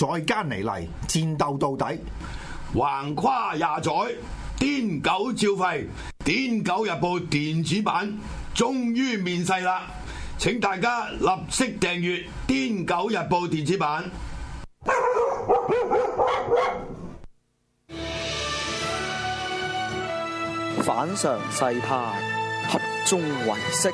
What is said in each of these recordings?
再加尼嚟，戰鬥到底。橫跨廿載，癲狗照費。癲狗日報電子版終於面世啦！請大家立即訂閱癲狗日報電子版。反常世態，合眾唯識。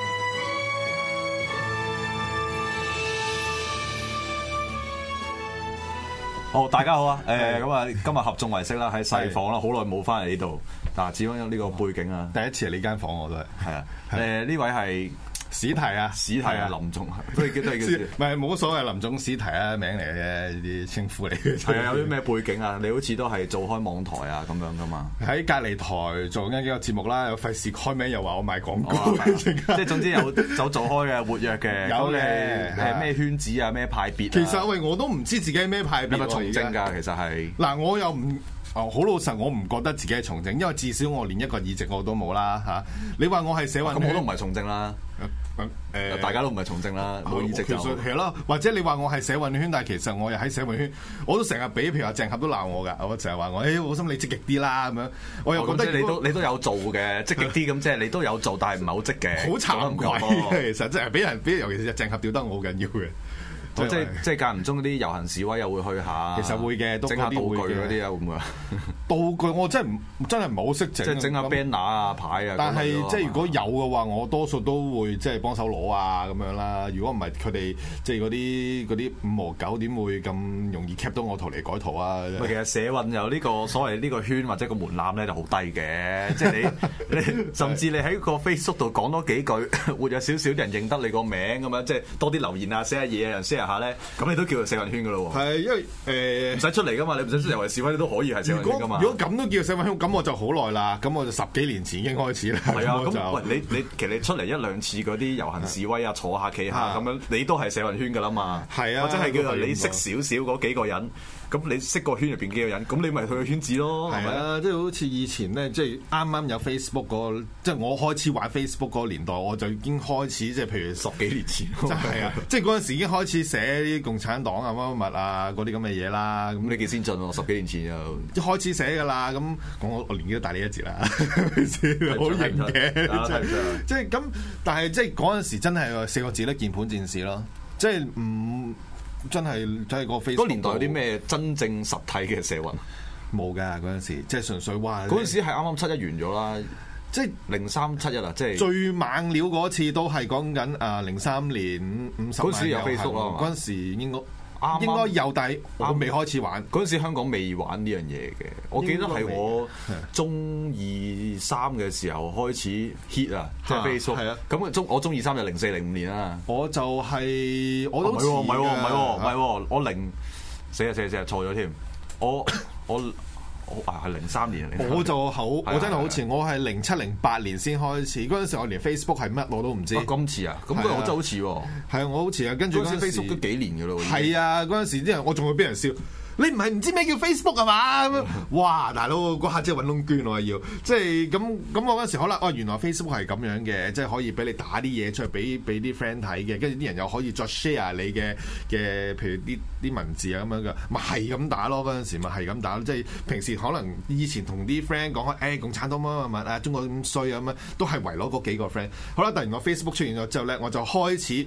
哦，大家好啊！誒，咁啊，今日合眾為色啦，喺細房啦，好耐冇翻嚟呢度，但係始終有呢個背景啊。 第一次嚟呢間房間，我都係係啊！誒、 呃，呢位係。史提啊，史提啊，林總，都係叫都係叫，唔係冇所謂林總史提啊，名嚟嘅呢啲稱呼嚟嘅。係啊，有啲咩背景啊？你好似都係做開網台啊，咁樣噶嘛？喺隔籬台做緊幾個節目啦，又費事開名，又話我賣廣告，即係總之有有做開嘅，活躍嘅。有咧係咩圈子啊？咩派別？其實喂，我都唔知自己係咩派別。你咪從政噶，其實係。嗱，我又唔哦好老實，我唔覺得自己係從政，因為至少我連一個議席我都冇啦吓。你話我係社運，我都唔係從政啦。誒，大家都唔係從政啦，冇、哦、議席就係咯。或者你話我係社運圈，但係其實我又喺社運圈，我都成日俾，譬如話鄭合都鬧我㗎，我成日話我誒，我、哎、好心你積極啲啦咁樣。我又覺得、哦、你都你都有做嘅， 積極啲咁，即係你都有做，但係唔係好積嘅，好慚愧。其實真係俾人，即係尤其是鄭合吊得我好緊要嘅。即係即係是間唔中啲遊行示威又會去下，其實會嘅，都整下道具嗰啲啊會唔的會啊？道具我真係唔真係唔係好識整，即係整下 banner 啊牌啊。但係是即係如果有嘅話，我多數都會即係幫手攞啊咁樣啦。如果唔係佢哋即係嗰啲啲五毛狗點會咁容易 cap 到我圖嚟改圖啊？其實社運有呢個所謂呢個圈或者個門檻咧 就好低嘅，即係你甚至你喺個 Facebook 度講多幾句，會有少少人認得你個名咁樣，即係多啲留言啊寫下嘢啊寫啊。 下咧，咁你都叫做社運圈噶咯喎？係，因為誒唔使出嚟噶嘛，你唔使出嚟為示威你都可以係社運圈噶嘛。如。如果如咁都叫做社運圈，咁我就好耐啦。咁我就十幾年前已經開始啦。係啊，咁我喂，你你其實你出嚟一兩次嗰啲遊行示威啊，坐下企下咁樣，啊、你都係社運圈噶啦嘛。係啊，或者係叫做你識少少嗰幾個人。咁你識個圈入邊幾個人？咁你咪去個圈子咯，係咪啊？即係好似以前咧，即係啱啱有 Facebook 嗰個即係我開始玩 Facebook 嗰個年代，我就已經開始即係譬如十幾年前，真係啊！即係嗰陣時已經開始寫啲共產黨啊乜乜物啊嗰啲咁嘅嘢啦。咁你幾先進喎？十幾年前就一開始寫噶啦。咁我我年紀都大你一截啦，好型嘅，即係咁。但係即係嗰陣時真係四個字咧，鍵盤戰士咯，即係唔。真係真係個飛，嗰年代有啲咩真正實體嘅社運？冇㗎嗰陣時，即係純粹哇！嗰陣時係啱啱七一完咗啦，即係零三七一啊！即係最猛料嗰次都係講緊啊零三年五五十萬，嗰時有 Facebook 咯，嗰陣時應該。剛剛應該有，但係我未開始玩。嗰陣時香港未玩呢樣嘢嘅，應該 我記得係我中二三嘅時候開始 hit 啊，即係 Facebook。啊，咁中我中二三就零四零五年啦、就是。我就係我都唔係唔係喎，唔係喎，唔係、啊啊啊啊啊、我零死啊死啊死啊錯咗添。我我。 我啊，係零三年。嚟。我就好，啊、我真係好遲。啊、我係零七零八年先開始。嗰陣、啊、時我連 Facebook 係乜我都唔知。咁遲啊？咁、啊啊、我好真係好遲喎。係啊，我好遲啊。跟住嗰陣 Facebook 都幾年嘅咯。係啊，嗰陣在、啊、時啲人我仲會俾人笑。你唔係唔知咩叫 Facebook 係嘛？ 哇，大佬嗰下真係揾窿捐喎，要，即係咁咁，我嗰陣時可能哦，原來 Facebook 係咁樣嘅，即係可以俾你打啲嘢出去俾俾啲 friend 睇嘅，跟住啲人又可以再 share 你嘅嘅譬如啲啲文字啊咁樣嘅，咪係咁打咯，嗰陣時咪係咁打咯，即係平時可能以前同啲 friend 講開誒共產黨乜乜乜啊中國咁衰啊咁樣，都係圍攞嗰幾個 friend。好啦，突然我 Facebook 出現咗之後呢，我就開始。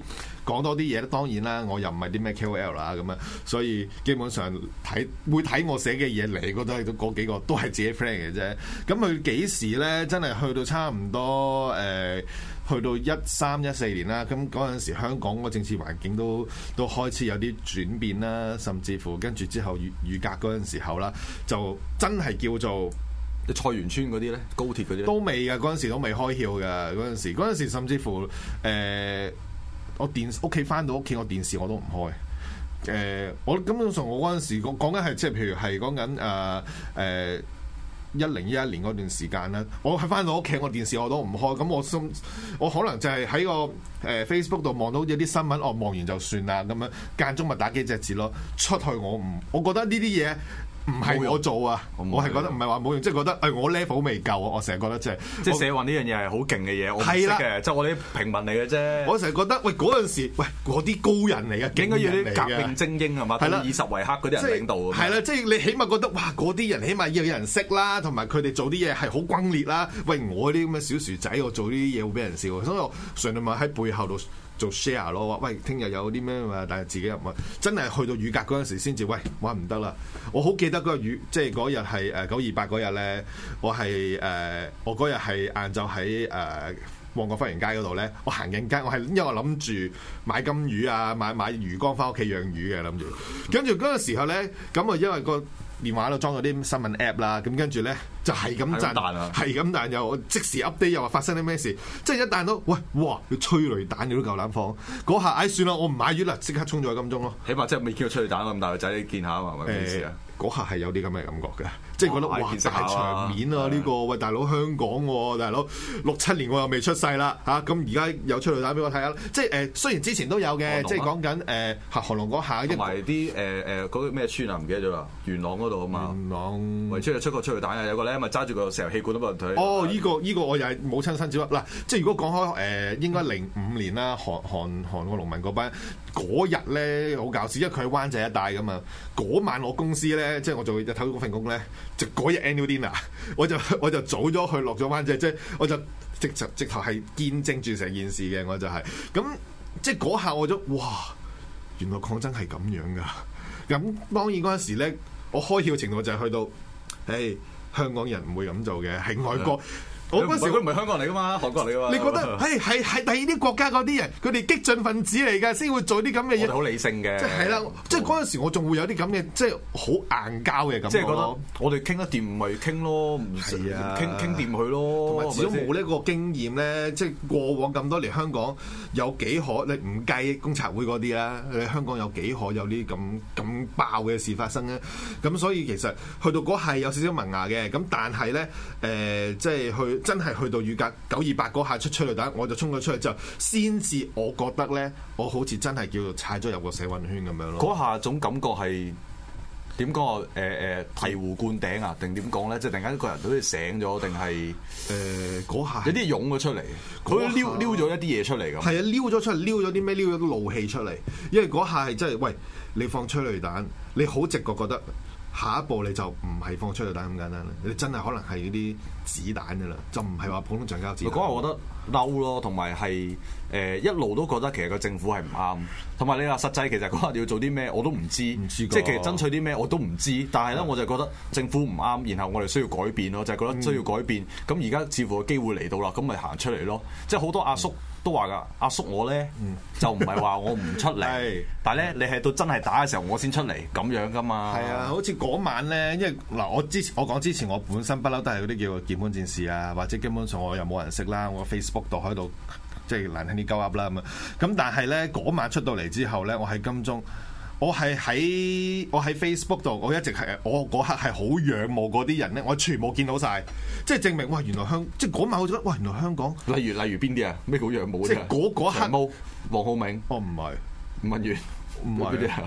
講多啲嘢咧，當然啦，我又唔係啲咩 KOL 啦咁啊，所以基本上睇會睇我寫嘅嘢嚟，嗰都係嗰幾個都係自己 friend 嘅啫。咁佢幾時呢？真係去到差唔多誒、呃，去到一三一四年啦。咁嗰陣時香港個政治環境都都開始有啲轉變啦，甚至乎跟住之後雨雨革嗰陣時候啦，就真係叫做菜園村嗰啲呢，高鐵嗰啲都未嘅嗰陣時都未開竅嘅嗰陣時，嗰時甚至乎誒。呃我電屋企翻到屋企，我電視我都唔開。誒、呃，我根本上我嗰陣時講講緊係，即係譬如係講緊誒誒一零一一年嗰段時間啦。我喺翻到屋企，我電視我都唔開。咁我心我可能就係喺個誒 Facebook 度望到有啲新聞，我、哦、望完就算啦。咁樣間中咪打幾隻字咯。出去我唔，我覺得呢啲嘢。唔係我做啊，用我係覺得唔係話冇用，即係覺得誒我 level 未夠，我成日覺得、就是、即係即係社運呢樣嘢係好勁嘅嘢，我識嘅，的就我哋啲平民嚟嘅啫。我成日覺得喂嗰陣時，喂嗰啲高人嚟嘅，應該要啲革命精英係嘛，以的十為克嗰啲人領導。係啦，即係的的你起碼覺得哇，嗰啲人起碼要有人識啦，同埋佢哋做啲嘢係好轟烈啦。喂，我啲咁嘅小薯仔，我做啲嘢會俾人笑。所以我純粹咪喺背後度。做 share 咯，喂，聽日有啲咩嘛？但係自己入唔真係去到雨格嗰陣時先至，喂，揾唔得啦！我好記得嗰日雨，即係嗰日係誒九二八嗰日咧，我係誒、呃、我嗰日係晏晝喺誒旺角花園街嗰度咧，我行緊街，我係因為我諗住買金魚啊，買買魚缸翻屋企養魚嘅諗住，跟住嗰陣時候咧，咁啊因為個。電話度裝咗啲新聞 app 啦，咁跟住咧就係咁，就係咁，但、啊、又即時 update 又話發生啲咩事，即係一彈到喂哇要催淚彈你都夠膽放，嗰下唉、哎，算啦，我唔買嘢啦，即刻沖咗去金鐘咯，起碼真係未叫過催淚彈咁大個仔你見事啊、欸、下啊嘛，嗰下係有啲咁嘅感覺嘅。即係覺得其、哦、哇大場面啊！呢是的、這個喂大佬香港喎、啊、大佬六七年我又未出世啦嚇咁而家有出嚟打俾我睇啊！即係誒、呃、雖然之前都有嘅，啊、即係講緊誒韓韓龍嗰下，同埋啲誒誒嗰個咩村啊唔記得咗啦，元朗嗰度啊嘛。元朗咪出嚟出個出嚟打啊！有個咧咪揸住個石油氣管都冇人睇。哦，呢、這個呢、這個我又係冇親親子嗱、啊！即係如果講開誒，應該零五年啦，韓韓韓國農民嗰班嗰日咧好搞笑，因為佢喺灣仔一帶㗎嘛。嗰晚我公司咧，即係我做日頭嗰份工咧。就嗰日 annual dinner，我就我就早咗去落咗班啫。即係，我就直直直頭係見證住成件事嘅，我就係咁即係嗰下我都哇，原來抗爭係咁樣噶、啊，咁當然嗰陣時咧，我開竅嘅程度就係去到，誒香港人唔會咁做嘅，係外國。Yeah. 我嗰時佢唔係香港人嚟噶嘛，韓國嚟噶嘛。你覺得係係係第二啲國家嗰啲人，佢 哋樂 激進分子嚟嘅，先會做啲咁嘅嘢。我好理性嘅， 即係啦，即係嗰陣時我仲會有啲咁嘅，即係好硬膠嘅感覺。即係覺得我哋傾得掂咪傾咯，唔傾傾掂佢咯。同埋少冇呢個經驗咧， 即係過往咁多年香港有幾可？你唔計工賊會嗰啲啦，你香港有幾可有啲咁咁爆嘅事發生咧？咁所以其實去到嗰係有少少文牙嘅，咁但係咧誒，即係去。去真係去到雨格九二八嗰下出催淚彈，我就衝咗出去之後，先至我覺得咧，我好似真係叫做踩咗入個社運圈咁樣咯。嗰下種感覺係點講啊？誒誒，醍醐灌頂啊？定點講咧？即係突然間一個人都好似醒咗，定係誒嗰下有啲湧咗出嚟。佢撩撩咗一啲嘢出嚟嘅。係啊，撩咗出嚟，撩咗啲咩？撩咗啲怒氣出嚟。因為嗰下係真係，喂，你放催淚彈，你好直覺覺得。下一步你就唔係放出嚟彈咁簡單啦，你真係可能係嗰啲子彈噶啦，就唔係話普通橡膠子彈。嗰日、嗯、我覺得嬲咯，同埋係誒一路都覺得其實個政府係唔啱，同埋你話實際其實嗰日要做啲咩我都唔知，知即係其實爭取啲咩我都唔知，但係咧的我就覺得政府唔啱，然後我哋需要改變咯，就係、是、覺得需要改變。咁而家似乎個機會嚟到啦，咁咪行出嚟咯，即係好多阿叔、嗯。都話噶，阿叔我咧 就唔係話我唔出嚟， 但係咧 你係到真係打嘅時候我先出嚟咁樣噶嘛。係啊，好似嗰晚咧，因為嗱我之前我講之前我本身不嬲都係嗰啲叫做鍵盤戰士啊，或者基本上我又冇人識啦，我 Facebook 度喺度即係、就是、難聽啲鳩噏啦咁。咁但係咧嗰晚出到嚟之後咧，我喺金鐘。我係喺我喺 Facebook 度，我一直係我嗰刻係好仰慕嗰啲人咧，我全部見到晒，即係證明哇，哇，原來香即係嗰晚好咗，哇原來香港。例如例如邊啲啊？咩好仰慕、啊、即係嗰嗰一刻？黃浩銘。哦唔係，文員唔係。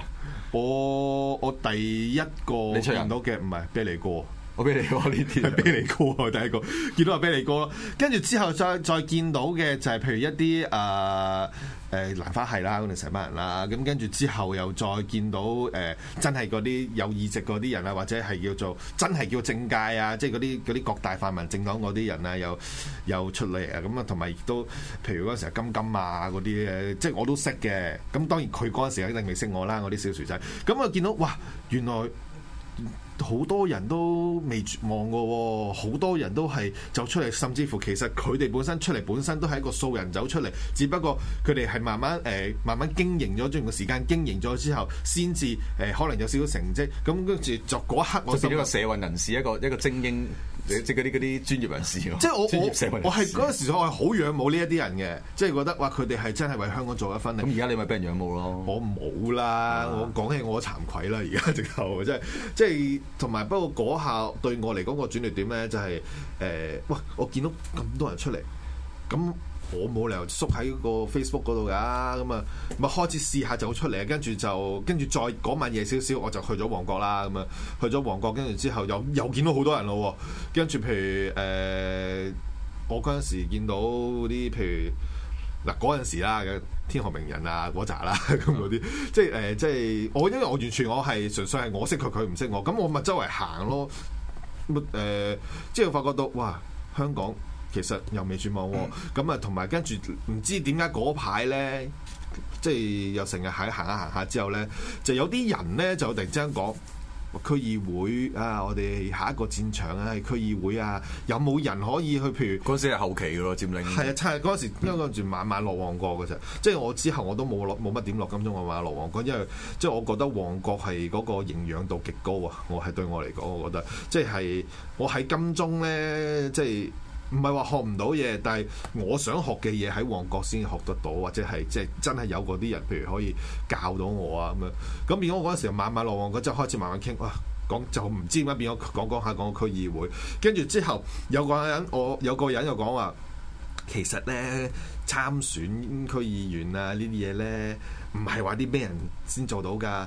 我我第一個見到嘅唔係啤梨哥，我俾你喎，呢啲係比利哥，第一個見到阿比利哥咯，跟住之後再再見到嘅就係譬如一啲誒誒蘭花系啦，嗰啲成班人啦，咁跟住之後又再見到誒、呃、真係嗰啲有議席嗰啲人啊，或者係叫做真係叫政界啊，即係嗰啲嗰啲各大泛民政黨嗰啲人啊，又又出嚟啊，咁啊，同埋亦都譬如嗰陣時金金啊嗰啲即係我都識嘅，咁當然佢嗰陣時一定未識我啦，我啲小薯仔，咁啊見到哇，原來。好多人都未絕望過喎、哦，好多人都係走出嚟，甚至乎其實佢哋本身出嚟本身都係一個素人走出嚟，只不過佢哋係慢慢誒、呃、慢慢經營咗，將個時間經營咗之後，先至誒可能有少少成績。咁跟住就嗰刻我就覺得，我係呢個社運人士，一個一個精英。即係嗰啲啲專業人士喎我，即係我我我係嗰時我係好仰慕呢一啲人嘅，即係覺得哇佢哋係真係為香港做一分力。咁而家你咪俾人仰慕咯。我冇啦，是的 我講起我慚愧啦，而家直頭真係即係同埋不過嗰下對我嚟講個轉捩點咧、就係，就係誒哇我見到咁多人出嚟咁。我冇理由縮喺個 Facebook 嗰度㗎，咁啊，咪開始試下就出嚟，跟住就跟住再講埋嘢少少，我就去咗旺角啦，咁啊，去咗旺角，跟住之後又又見到好多人咯，跟住譬如誒、呃，我嗰陣時見到啲譬如嗱嗰陣時啦嘅天河名人啊嗰扎啦咁嗰啲，即係誒、呃、即係我、呃、因為我完全我係純粹係我識佢，佢唔識我，咁我咪周圍行咯，咁誒即係發覺到哇香港。其實又未轉網喎，咁啊同埋跟住唔知點解嗰排咧，即係又成日喺行下行下之後咧，就有啲人咧就突然之間講區議會啊，我哋下一個戰場啊係區議會啊，有冇人可以去？譬如嗰時係後期嘅咯，佔領係啊，真係嗰時因為住晚晚落旺角嘅啫，即係我之後我都冇落冇乜點落金鐘啊，我話落旺角，因為即係我覺得旺角係嗰個營養度極高啊，我係對我嚟講，我覺得即係我喺金鐘咧，即係。唔係話學唔到嘢，但係我想學嘅嘢喺旺角先學得到，或者係即係真係有嗰啲人，譬如可以教到我啊咁樣。咁變咗嗰陣時，慢慢落旺角之後開始慢慢傾，哇、啊！講就唔知點解變咗講講下講個區議會，跟住之後有個人我有個人又講話，其實呢參選區議員啊呢啲嘢呢，唔係話啲咩人先做到㗎，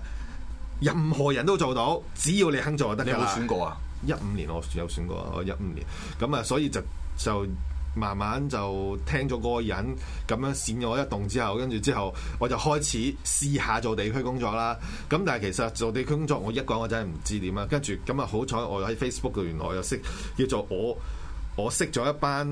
任何人都做到，只要你肯做就得。你有冇選過啊？一五年我有選過，我一五年咁啊，所以就。就慢慢就聽咗嗰個人咁樣煽咗我一動之後，跟住之後我就開始試下做地區工作啦。咁但係其實做地區工作，我一個人我真係唔知點啊。跟住咁啊，好彩我喺 Facebook 度，原來我又識叫做我我識咗一班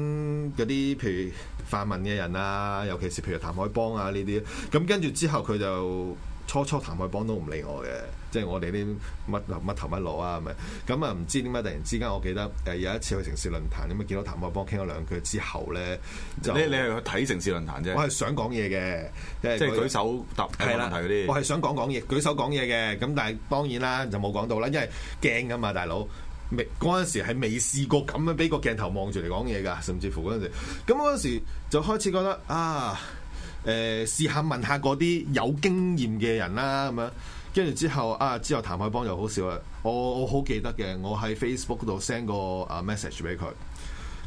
嗰啲譬如泛民嘅人啊，尤其是譬如譚海邦啊呢啲。咁跟住之後，佢就初初譚海邦都唔理我嘅。即係我哋啲乜乜頭乜路啊，係咪？咁啊，唔知點解突然之間，我記得誒有一次去城市論壇，咁啊見到譚伯幫傾咗兩句之後咧，你你係去睇城市論壇啫？我係想講嘢嘅，即係嗰個、即係舉手答，的答問題嗰啲。我係想講講嘢，舉手講嘢嘅。咁但係當然啦，就冇講到啦，因為驚㗎嘛，大佬。未嗰陣時係未試過咁樣俾個鏡頭望住嚟講嘢㗎，甚至乎嗰陣時。咁嗰陣時就開始覺得啊，誒試下問下嗰啲有經驗嘅人啦，咁樣。跟住之後啊，之後譚海邦又好笑啊！我我好記得嘅，我喺 Facebook 度 send 個 message 俾佢，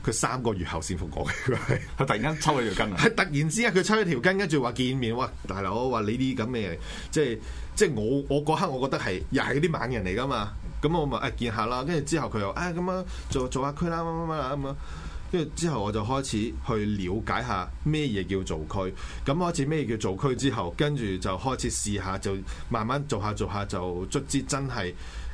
佢三個月後先復我，佢突然間抽咗條筋啊！突然之間佢抽咗條筋，跟住話見面，哇！大佬，話你啲咁嘅嘢，即係即係我我嗰刻，我覺得係又係啲猛人嚟噶嘛！咁我咪誒見下啦，跟住之後佢又誒咁樣做做下區啦，乜乜乜啦咁樣。跟之後我就開始去了解下咩嘢叫做區，咁開始咩叫做區之後，跟住就開始試下，就慢慢做下做下就卒之真係誒。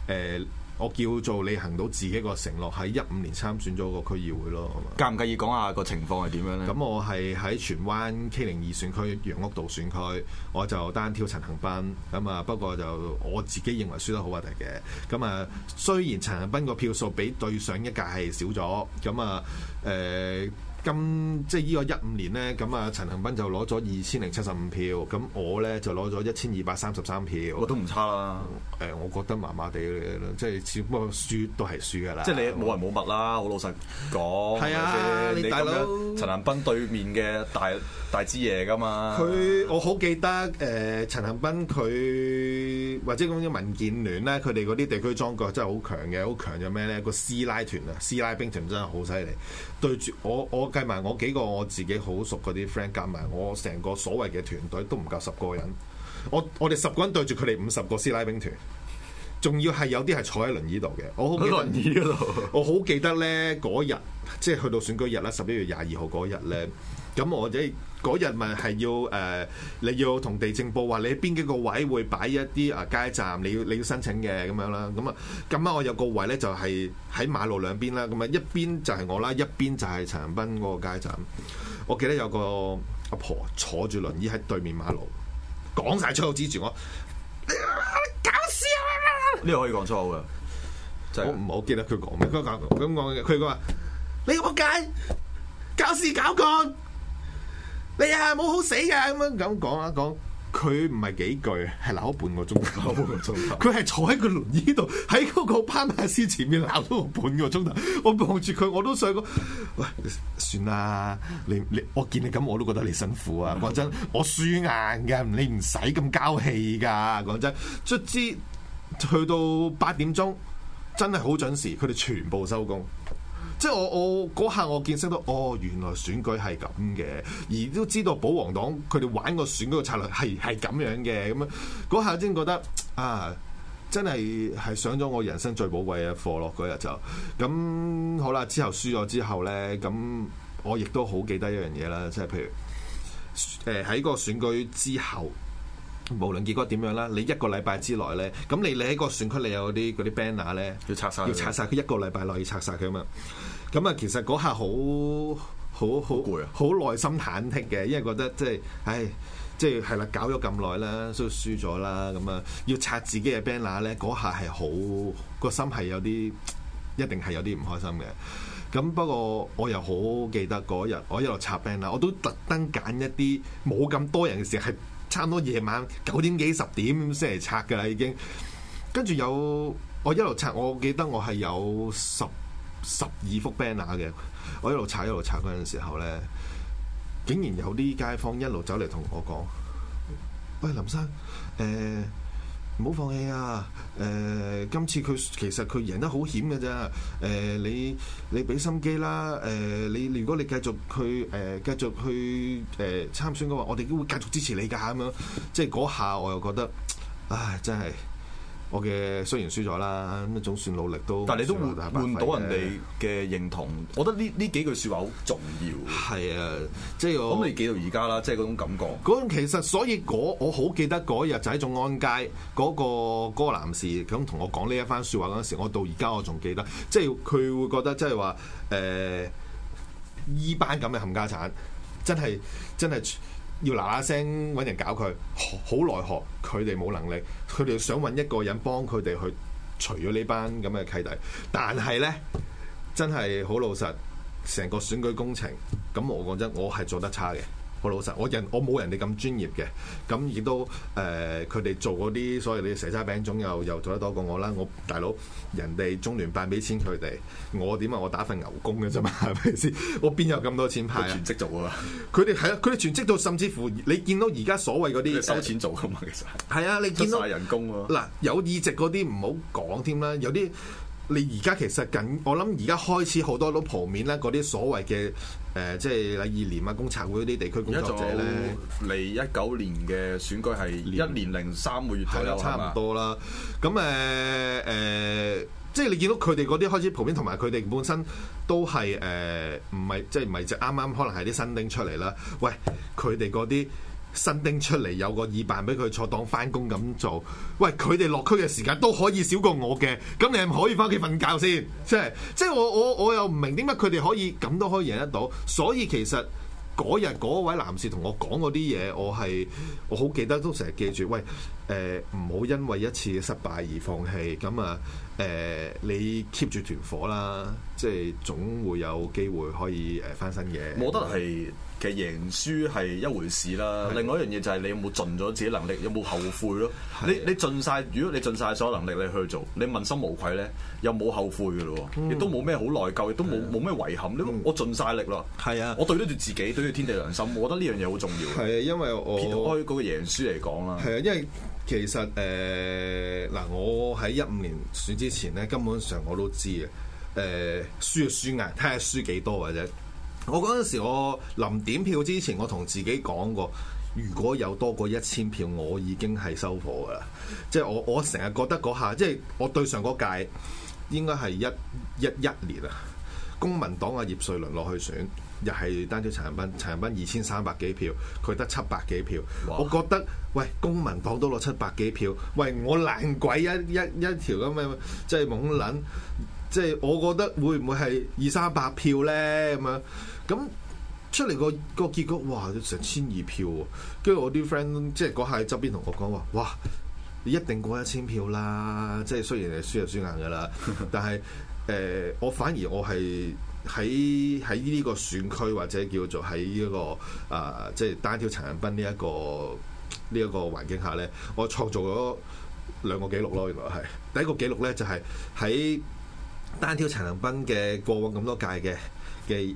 呃我叫做你行到自己個承諾，喺一五年參選咗個區議會咯。介唔介意講下個情況係點樣咧？咁我係喺荃灣 K 零二選區楊屋道選區，我就單挑陳恒鑌。咁啊，不過就我自己認為輸得好核突嘅。咁啊，雖然陳恒鑌個票數比對上一屆係少咗，咁啊，誒、呃。今即係依個一五年 2, 呢，咁啊，陳恒斌就攞咗二千零七十五票，咁我咧就攞咗一千二百三十三票，我都唔差啦。誒、呃，我覺得麻麻地嘅，即係只不過輸都係輸嘅啦。即係你冇人冇物啦，好我老實講。係啊，你大佬陳恒斌對面嘅大大支嘢㗎嘛？佢我好記得誒、呃，陳恒斌佢或者講咗民建聯呢，佢哋嗰啲地區樁腳真係好強嘅。好強嘅咩咧？個師奶團啊，師奶兵團真係好犀利，對住我我。我我計埋我幾個我自己好熟嗰啲 friend，夾埋我成個所謂嘅團隊都唔夠十個人。我我哋十個人對住佢哋五十個師奶兵團。仲要係有啲係坐喺輪椅度嘅，我好記得咧嗰日，即係去到選舉日啦，十一月廿二號嗰日咧，咁或者嗰日咪係要誒、呃，你要同地政部話你邊幾個位會擺一啲啊街站，你要你要申請嘅咁樣啦，咁啊咁啊，我有個位咧就係喺馬路兩邊啦，咁啊一邊就係我啦，一邊就係陳銀斌嗰個街站，我記得有個阿婆坐住輪椅喺對面馬路，講晒粗口指住我。呢個可以講錯嘅，就我唔好記得佢講咩，佢咁講嘅。佢話你我計搞事搞棍，你啊冇好死嘅、啊、咁樣咁講一講，佢唔係幾句，係鬧半個鐘頭， 個鐘頭，佢係坐喺個輪椅度，喺嗰個攀下師前面鬧咗我半個鐘頭，我望住佢，我都想講，喂，算啦，你你我見你咁，我都覺得你辛苦啊，講真，我輸硬嘅，你唔使咁交氣噶，講真，卒之。去到八點鐘，真係好準時，佢哋全部收工。即係我我嗰下我見識到，哦原來選舉係咁嘅，而都知道保皇黨佢哋玩個選舉嘅策略係係咁樣嘅，咁嗰下先覺得啊真係係上咗我人生最寶貴嘅課咯。嗰日就咁好啦。之後輸咗之後呢，咁我亦都好記得一樣嘢啦，即係譬如誒喺個選舉之後。無論結果點樣啦，你一個禮拜之內咧，咁你你喺個選區你有啲嗰啲 banner 咧，呢要拆曬，要拆晒佢，一個禮拜內要拆晒佢吖嘛。咁啊，其實嗰下好好好攰啊，好耐心忐忑嘅，因為覺得即係、就是，唉，即係係啦，搞咗咁耐啦，都輸咗啦，咁啊，要拆自己嘅 banner 咧，嗰下係好，個心係有啲，一定係有啲唔開心嘅。咁不過我又好記得嗰日，我一路拆 banner，我都特登揀一啲冇咁多人嘅時係。差唔多夜晚九點幾十點先嚟拆㗎喇，已經。跟住有我一路拆，我記得我係有十十二幅 banner 嘅。我一路拆一路拆嗰陣時候呢，竟然有啲街坊一路走嚟同我講：喂，林生，欸唔好放棄啊！誒、呃，今次佢其實佢贏得好險嘅啫。誒、呃，你你俾心機啦。誒，你，、呃、你如果你繼續去誒、呃、繼續去誒、呃、參選嘅話，我哋都會繼續支持你㗎咁樣。即係嗰下，我又覺得，唉，真係。我嘅雖然輸咗啦，咁總算努力都。但係你都換到人哋嘅認,認同，我覺得呢呢幾句説話好重要。係啊，即係我。咁你記到而家啦，即係嗰種感覺。嗰其實所以我好記得嗰日就喺眾安街嗰、嗰個嗰個男士咁同我講呢一番説話嗰陣時，我到而家我仲記得，即係佢會覺得即係話誒，依、欸、班咁嘅冚家鏟，真係真係。要嗱嗱聲揾人搞佢，好奈何佢哋冇能力，佢哋想揾一個人幫佢哋去除咗呢班咁嘅契弟，但係呢，真係好老實，成個選舉工程，咁我講真，我係做得差嘅。我老實，我人我冇人哋咁專業嘅，咁亦都誒，佢、呃、哋做嗰啲所謂嘅蛇齋餅糭又又做得多過我啦。我大佬人哋中聯辦俾錢佢哋，我點啊？我打份牛工嘅啫嘛，係咪先？我邊有咁多錢派全職做啊？佢哋係啊，佢哋全職做，甚至乎你見到而家所謂嗰啲收錢做㗎嘛，其實係啊，你見到人工嗱有議席嗰啲唔好講添啦，有啲你而家其實緊，我諗而家開始好多都鋪面咧，嗰啲所謂嘅。誒、呃，即係二年啊、工察會嗰啲地區工作者咧，嚟一九年嘅選舉係一年零三個月左右，差唔多啦。咁誒誒，即係你見到佢哋嗰啲開始普遍，同埋佢哋本身都係誒，唔、呃、係即係唔係就啱啱，剛剛可能係啲新丁出嚟啦。喂，佢哋嗰啲。新丁出嚟有個耳辦俾佢坐檔返工咁做，喂，佢哋落區嘅時間都可以少過我嘅，咁你係唔可以返屋企瞓覺先？即係即係我我我又唔明點解佢哋可以咁都可以贏得到，所以其實嗰日嗰位男士同我講嗰啲嘢，我係我好記得都成日記住，喂，誒唔好因為一次嘅失敗而放棄，咁啊誒、呃、你 keep 住團火啦，即係總會有機會可以誒翻身嘅。我覺得係。其實贏輸係一回事啦，的另外一樣嘢就係你有冇盡咗自己能力，有冇後悔咯？的你你盡晒，如果你盡晒所有能力你去做，你問心無愧咧，又冇後悔嘅咯，亦都冇咩好內疚，亦都冇冇咩遺憾。嗯、我盡晒力啦，係啊的，我對得住自己，對住天地良心，我覺得呢樣嘢好重要。係啊，因為我撇開嗰個贏輸嚟講啦。係啊，因為其實誒嗱、呃，我喺一五年選之前咧，根本上我都知嘅。誒、呃，輸就輸硬，睇下輸幾多或者。我嗰陣時，我臨點票之前，我同自己講過，如果有多過一千票，我已經係收貨噶啦。即係我，我成日覺得嗰下，即係我對上嗰屆應該係一一一年啊。公民黨啊，葉瑞麟落去選，又係單挑陳雲斌，陳雲斌二千三百幾票，佢得七百幾票。哇我覺得，喂，公民黨都攞七百幾票，喂，我爛鬼一一一條咁樣，即係懵撚。即係我覺得會唔會係二三百票呢？咁樣？咁出嚟個、那個結果，哇！成千二票喎，跟住我啲 friend 即係嗰下喺側邊同我講話，哇！你一定過一千票啦，即係雖然係輸入輸硬㗎喇， 但係誒、呃，我反而我係喺喺呢個選區或者叫做喺呢、這個啊，即、呃、係、就是、單挑陳恒鑌呢、這、一個呢一、這個環境下咧，我創造咗兩個記錄咯，原來係第一個記錄咧就係、是、喺單挑陳恒鑌嘅過往咁多屆嘅。嘅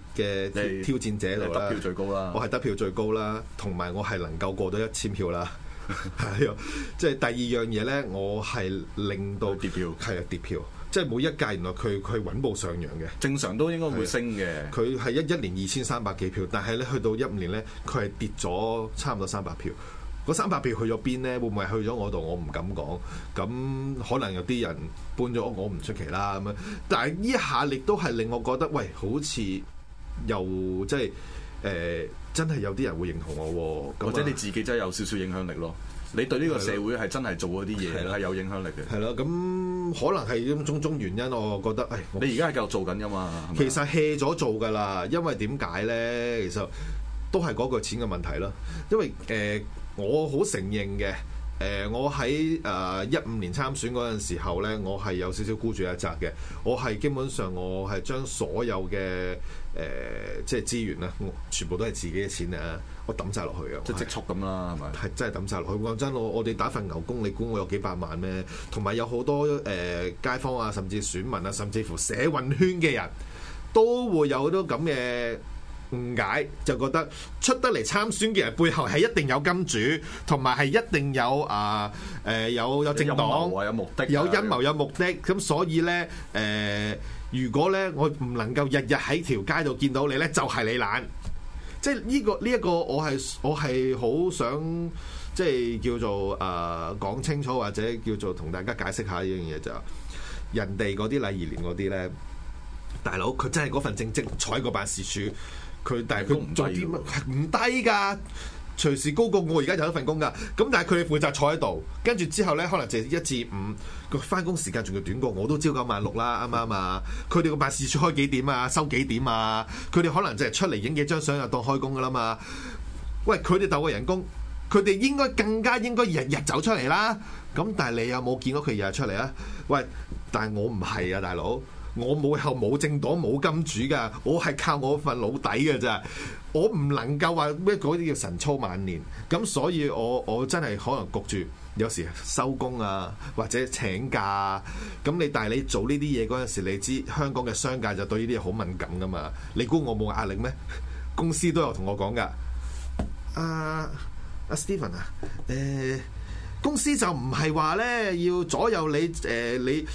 嘅挑戰者嚟啦，我係得票最高啦，同埋我係能夠過到一千票啦。係啊，即係第二樣嘢咧，我係令到跌票，係啊跌票。即係每一屆原來佢佢穩步上揚嘅，正常都應該會升嘅。佢係一一年二千三百幾票，但係咧去到一五年咧，佢係跌咗差唔多三百票。嗰三百票去咗邊呢？會唔會去咗我度？我唔敢講。咁可能有啲人搬咗屋，我唔出奇啦。咁樣，但係呢下力都係令我覺得，喂，好似又即係誒、呃，真係有啲人會認同我喎。或者那你自己真係有少少影響力咯？你對呢個社會係真係做嗰啲嘢啦，係有影響力嘅。係咯，咁的可能係種種種原因，我覺得誒，你而家係繼續做緊噶嘛？其實 hea 咗做噶啦，因為點解呢？其實都係嗰個錢嘅問題咯。因為誒。呃呃我好承認嘅，誒、呃，我喺誒一五年參選嗰陣時候呢，我係有少少孤注一擲嘅，我係基本上我係將所有嘅誒、呃、即係資源咧，全部都係自己嘅錢啊，我抌晒落去嘅，即係積蓄咁啦，係咪是？係是真係抌晒落去。講真，我我哋打份牛工，你估我有幾百萬咩？同埋有好多誒、呃、街坊啊，甚至選民啊，甚至乎社運圈嘅人都會有好多咁嘅誤解就覺得出得嚟參選嘅人背後係一定有金主，同埋係一定有、呃呃、有、黨有、有啊，誒有有政黨有陰謀有目的，有陰謀有目的，咁所以呢，誒、呃，如果呢，我唔能夠日日喺條街度見到你呢，就係、是、你懶，即係、這、呢個呢一、這個我係我係好想即係叫做誒講、呃、清楚或者叫做同大家解釋下呢樣嘢就，人哋嗰啲禮義廉嗰啲呢，大佬佢真係嗰份正職坐喺個辦事處。佢但係佢唔做唔低噶，隨時高過我而家有一份工噶。咁但係佢哋負責坐喺度，跟住之後咧，可能就係一至五，翻工時間仲要短過我都朝九晚六啦，啱唔啱啊？佢哋個辦事處開幾點啊？收幾點啊？佢哋可能就係出嚟影幾張相又當開工噶啦嘛。喂，佢哋鬥個人工，佢哋應該更加應該日日走出嚟啦。咁但係你有冇見到佢日日出嚟啊？喂，但係我唔係啊，大佬。我冇後冇政黨冇金主噶，我係靠我份老底噶咋，我唔能夠話咩嗰啲叫神操萬年咁，所以我我真係可能焗住，有時收工啊，或者請假啊，咁你但係你做呢啲嘢嗰陣時，你知香港嘅商界就對呢啲嘢好敏感噶嘛，你估我冇壓力咩？公司都有同我講噶，阿阿 Stephen 啊，誒公司就唔係話咧要左右你誒你。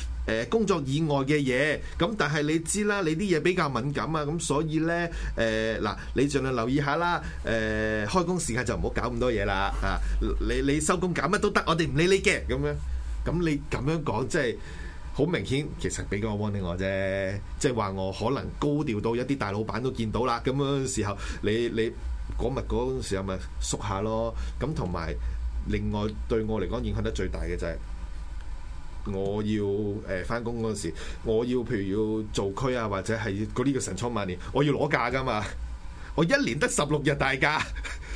工作以外嘅嘢，咁但係你知啦，你啲嘢比較敏感啊，咁所以呢，誒、呃、嗱，你儘量留意下啦。誒、呃、開工時間就唔好搞咁多嘢啦，嚇、啊！你你收工搞乜都得，我哋唔理你嘅咁樣。咁你咁樣講，即係好明顯，其實俾個 warning 我啫，即係話我可能高調到一啲大老闆都見到啦。咁樣時候，你你嗰密嗰時候咪縮下咯。咁同埋另外對我嚟講影響得最大嘅就係、是。我要誒翻工嗰時，我要譬如要做區啊，或者係嗰啲叫神闖萬年，我要攞假㗎嘛，我一年得十六日大假。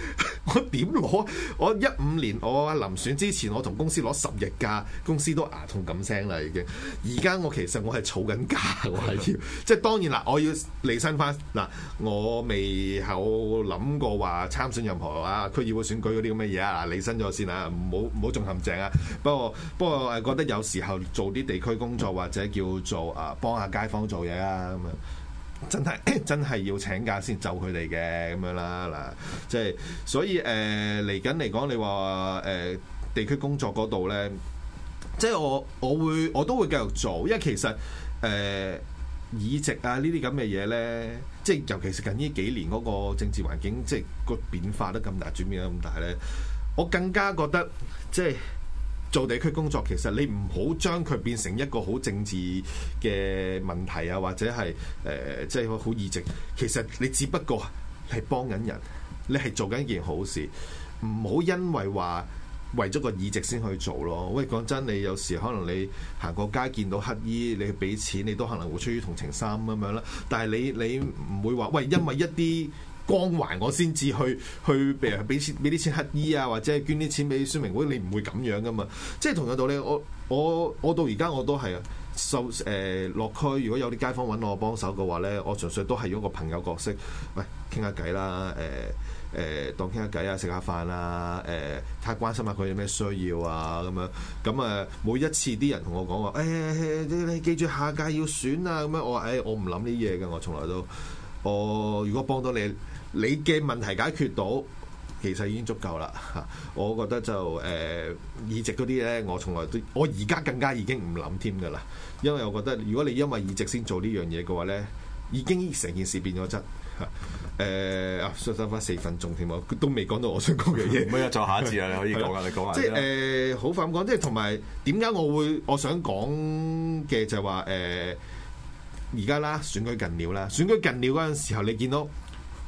我點攞？我一五年我臨選之前，我同公司攞十日假，公司都牙痛咁聲啦，已經。而家我其實我係儲緊假，我係要，即係當然啦，我要離身翻。嗱，我未有諗過話參選任何啊區議會選舉嗰啲咁嘅嘢啊。離身咗先啊，唔好唔好中陷阱啊。不過不過誒，我覺得有時候做啲地區工作或者叫做啊幫下街坊做嘢啊咁啊。真係真係要請假先就佢哋嘅，咁樣啦。嗱，即係所以誒嚟緊嚟講，你話誒、呃、地區工作嗰度咧，即係我我會我都會繼續做，因為其實誒、呃、議席啊呢啲呢啲呢啲咁嘅嘢咧，即係尤其是近呢幾年嗰個政治環境，即係個變化都咁大，轉變都咁大咧，我更加覺得即係。做地區工作其實你唔好將佢變成一個好政治嘅問題啊，或者係誒即係好議席。其實你只不過係幫緊人，你係做緊一件好事。唔好因為話為咗個議席先去做咯。喂，講真，你有時可能你行過街見到乞衣，你去俾錢，你都可能會出於同情心咁樣啦。但係你你唔會話喂，因為一啲光環我先至去去俾俾啲錢乞衣啊，或者捐啲錢俾宣明會，你唔會咁樣噶嘛？即係同樣道理，我我我到而家我都係收誒落區，如果有啲街坊揾我幫手嘅話呢，我純粹都係用一個朋友角色，喂傾下偈啦，誒、呃、誒當傾下偈啊，食下飯啊，誒睇下關心下佢有咩需要啊咁樣。咁啊每一次啲人同我講話，誒、欸、你，你記住下屆要選啊咁樣，我話誒、欸、我唔諗呢嘢嘅，我從來都我如果幫到你。你嘅問題解決到，其實已經足夠啦。嚇，我覺得就誒、呃、議席嗰啲咧，我從來都我而家更加已經唔諗添㗎啦。因為我覺得，如果你因為議席先做呢樣嘢嘅話咧，已經成件事變咗質嚇。誒、呃、啊，剩返翻四分鐘添，都未講到我想講嘅嘢。唔係啊，再下一次啊，你可以講啊， 的你講埋即係誒，好反觀，即係同埋點解我會我想講嘅就係話誒，而、呃、家啦選舉近了啦，選舉近了嗰陣時候，你見到。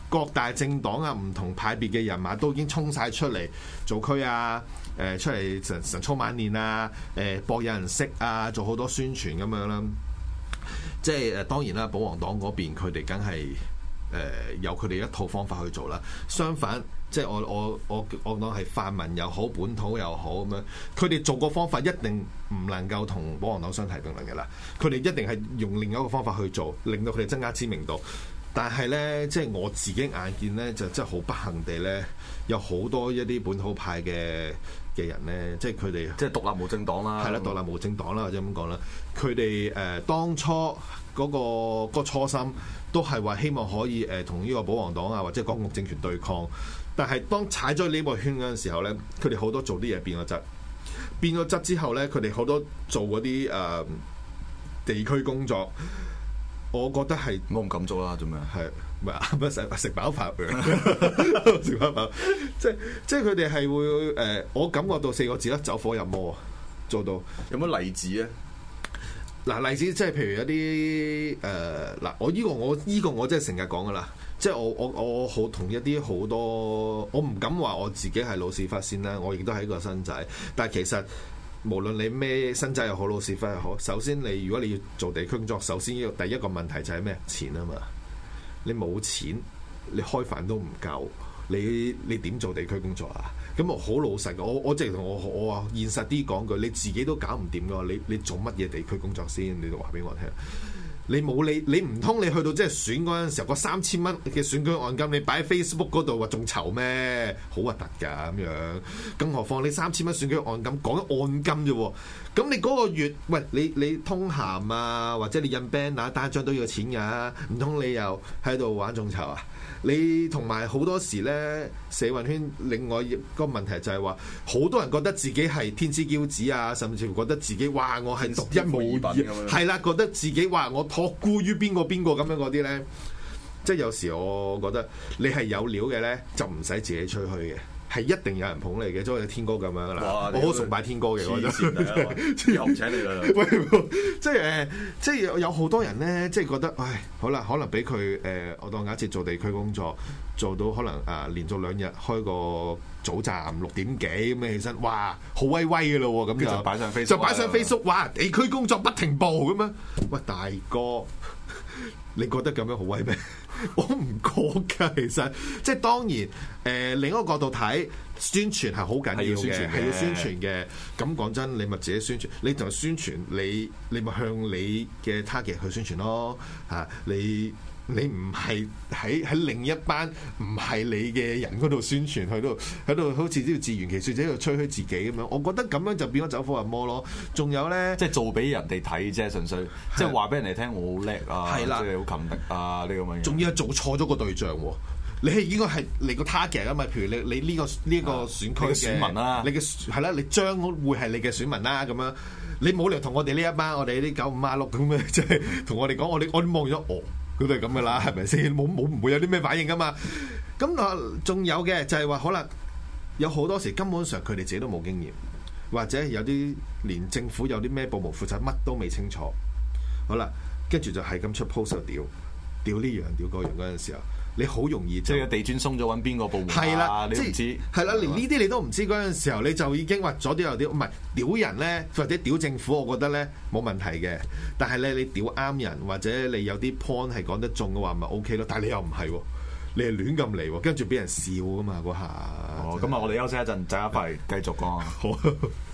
各大政黨啊，唔同派別嘅人馬、啊、都已經衝晒出嚟做區啊，誒、呃、出嚟晨晨操晚練啊，誒、呃、搏有人識啊，做好多宣傳咁樣啦。即係誒當然啦，保皇黨嗰邊佢哋梗係誒有佢哋一套方法去做啦。相反，即係我我我我講係泛民又好，本土又好咁樣，佢哋做個方法一定唔能夠同保皇黨相提並論嘅啦。佢哋一定係用另一個方法去做，令到佢哋增加知名度。但係咧，即係我自己眼見咧，就真係好不幸地咧，有好多一啲本土派嘅嘅人咧，即係佢哋即係獨立無政黨啦、啊，係啦對，獨立無政黨啦、啊，嗯、或者咁講啦，佢哋誒當初嗰、嗰個嗰個初心都係話希望可以誒同呢個保皇黨啊或者港共政權對抗，但係當踩咗呢個圈嗰陣時候咧，佢哋好多做啲嘢變咗質，變咗質之後咧，佢哋好多做嗰啲誒地區工作。我覺得係，我唔敢做啦，做咩？係咪啊？食食飽飯食飽飯， 即係即係佢哋係會誒、呃？我感覺到四個字啦，走火入魔，做到有乜例子咧？嗱，例子即係譬如一啲誒嗱，我呢、呢個、個我依個我真係成日講噶啦，即係我我我好同一啲好多，我唔敢話我自己係老屎發先啦，我亦都係一個新仔，但係其實。無論你咩身質又好，老實翻又好，首先你如果你要做地區工作，首先要第一個問題就係咩？錢啊嘛！你冇錢，你開飯都唔夠，你你點做地區工作啊？咁我好老實嘅，我我即係同我我話現實啲講句，你自己都搞唔掂㗎，你你做乜嘢地區工作先？你話俾我聽。你冇理，你唔通你去到即係選嗰陣時候，個三千蚊嘅選舉按金，你擺 Facebook 度話眾籌咩？好核突㗎咁樣。更何況你三千蚊選舉按金，講緊按金啫。咁你嗰個月，喂你你通函啊，或者你印 band 啊，單張都要錢㗎。唔通你又喺度玩眾籌啊？你同埋好多時咧社運圈另外個問題就係話好多人覺得自己係天之驕子啊，甚至乎覺得自己哇我係獨一無二品咁樣、啊、係啦，覺得自己話我。託顧於邊個邊個咁樣嗰啲呢？即係有時我覺得你係有料嘅呢，就唔使自己吹噓嘅。係一定有人捧你嘅，即係天哥咁樣啦。我好崇拜天哥嘅。黐線又唔請你啦？喂，即係即係有好多人咧，即係覺得，唉，好啦，可能俾佢誒，我當假設做地區工作，做到可能啊、呃、連續兩日開個早站六點幾咁樣起身，哇，好威威嘅咯喎，咁就擺上 Facebook， 就擺上 Facebook，哇，地區工作不停步咁樣啊！喂，大哥， 你覺得咁樣好威咩？我唔覺㗎，其實即係當然，誒、呃、另一個角度睇，宣傳係好緊要嘅，係要宣傳嘅。咁講真，你咪自己宣傳，你就宣傳你，你咪向你嘅 target 去宣傳咯，嚇、啊、你。你唔係喺喺另一班唔係你嘅人嗰度宣傳，去到喺度好似都要自圓其説，喺度吹噓自己咁樣。我覺得咁樣就變咗走火入魔咯。仲有咧，即係做俾人哋睇啫，純粹是即係話俾人哋聽，我好叻啊，即係好勤力啊呢咁樣。仲要係做錯咗個對象喎，你係應該係嚟個 target 啊嘛。譬如你你、呢、呢個呢、呢個選區嘅、啊、選民啦、啊，你嘅係啦，你將會係你嘅選民啦、啊、咁樣。你冇理由同我哋呢一班，我哋呢九五啊六咁樣，即係同我哋講，我哋我望咗我。佢都係咁噶啦，係咪先？冇冇唔會有啲咩反應噶嘛？咁啊，仲有嘅就係話，可能有好多時根本上佢哋自己都冇經驗，或者有啲連政府有啲咩部門負責乜都未清楚。好啦，跟住就係咁出 post 就屌，屌呢樣屌嗰樣，嗰陣時候。你好容易，即係地磚鬆咗，揾邊個部門係、啊、啦，的你知唔知，係啦，連呢啲你都唔知。嗰陣時候你就已經話咗啲右啲，唔係屌人咧，或者屌政府，我覺得咧冇問題嘅。但係咧，你屌啱人或者你有啲 point 係講得中嘅話，咪 OK 咯。但係你又唔係喎，你係亂咁嚟喎，跟住俾人笑㗎嘛嗰下。哦，咁啊的，我哋休息一陣，陣間翻嚟繼續講啊。好。